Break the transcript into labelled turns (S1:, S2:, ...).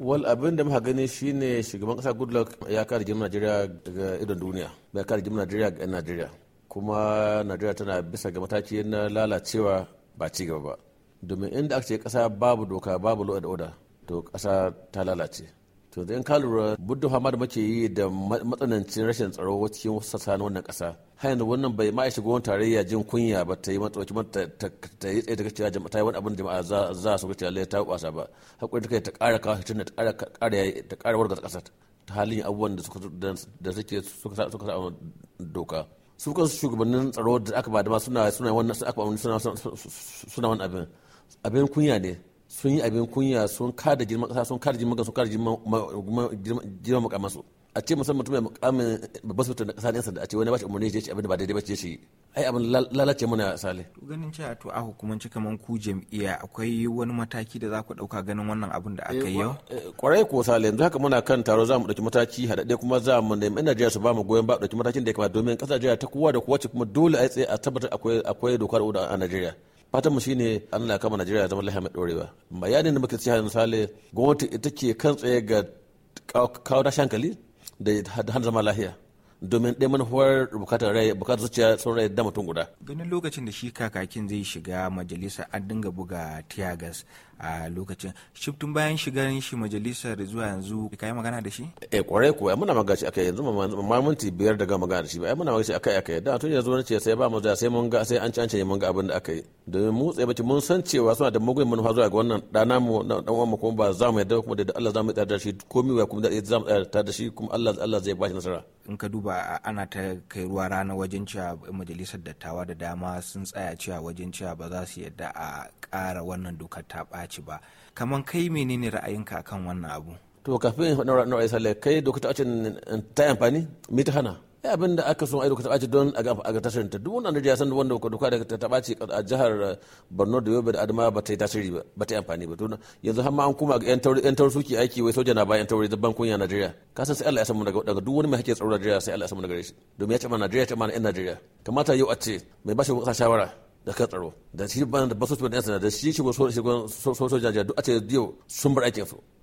S1: wal abin da muka gani shine shugaban kasa goodluck ya kare jimin najeriya daga idon duniya ya kare jimin najeriya ga najeriya kuma najeriya tana bisa ga mataki na lalacewa ba ci gaba ba domin inda aka ce kasa babu doka babu law and order to kasa ta lalace to da ka lura budda fama da muke yi da matsanancin rashin tsaro cikin sassa na wannan kasa har yanzu wannan bai ma shiga wani tarayya jin kunya ba ta yi matsoci ta yi tsaye daga cewa jama'a ta yi wani abin jama'a za a su ga cewa ta basa ba hakuri ta kai ta ƙara kawo tun ta ƙara warga ƙasar ta halin abubuwan da suke suka sa doka su kansu shugabannin tsaro da aka ba da ma suna suna wannan abin abin kunya ne sun yi abin kunya sun kada girman kasa sun kada girman sun kada girman mukamman su a ce musamman mutum mai mukamin babban sautin kasa ne sanda a ce wani ba shi umarni ya ce abin da ba daidai ba ce shi ai abin lalace muna sale
S2: ganin cewa to a hukumanci kaman ku jam'iyya akwai wani mataki da za ku dauka ganin wannan abin da aka yi eh, yau
S1: kwarai eh, ko sale yanzu haka muna kan taro za mu dauki mataki haɗaɗɗe kuma za mu nemi ina jiya su ba mu goyon ba dauki matakin da ya kamata domin kasa jiya ta kowa da kowace kuma dole a tsaye a tabbatar akwai dokar a Najeriya fatan mu shine Allah kama Najeriya zama lahiya mai dorewa bayanin da muka ci misali sale gwamnati ita ke kan tsaye ga kawo na shankali da hana zama lahiya domin ɗaya manufar bukatar rai bukatar zuciya sun rai da mutum guda
S2: ganin lokacin da shi kakakin zai shiga majalisa an dinga buga tiyagas a lokacin shiftun bayan shigar shi majalisar zuwa yanzu ka yi magana da shi
S1: eh kwarai kuwa ya muna magaci akai yanzu ma minti biyar daga magana da shi ba ya muna magaci akai akai da tun yanzu wani ce sai ba mu zuwa sai mun ga sai an ci an ce mun ga abin da aka yi domin mu tsaye bace mun san cewa suna da mugun manufa zuwa ga wannan dana mu dan uwan mu kuma ba za mu yadda kuma da Allah za mu tsaya da shi komai wa kuma da za mu tsaya da shi kuma Allah Allah zai ba shi nasara
S2: in ka duba ana ta kai ruwa rana wajen cewa majalisar dattawa da dama sun tsaya cewa wajen cewa ba za su yadda a ƙara wannan dokar ta ci ba kamar kai menene ra'ayinka akan wannan abu to kafin in faɗin ra'ayin sale kai dokta ace ta amfani mi ta hana
S1: ya eh, abin da aka so ai dokta ace don a ga tasirin ta duk wanda da ya san wanda doka da ta ɓaci a jihar Borno da Yobe da Adamawa ba ta yi tasiri ba ba ta amfani ba to yanzu har ma an kuma ga yan tauri yan tauri suke aiki wai soja na ba yan tauri ban kunya Najeriya ka san sai Allah ya samu daga daga duk wani mai hakkin tsaro Najeriya sai Allah ya san samu daga shi domin ya ce ma Najeriya ya ce ma yan Najeriya kamata yau a ce mai bashi wasa shawara da ka tsaro da shi ba da basu da yan sanda da shi shi sojoji duk a ce yau sun bar aikin su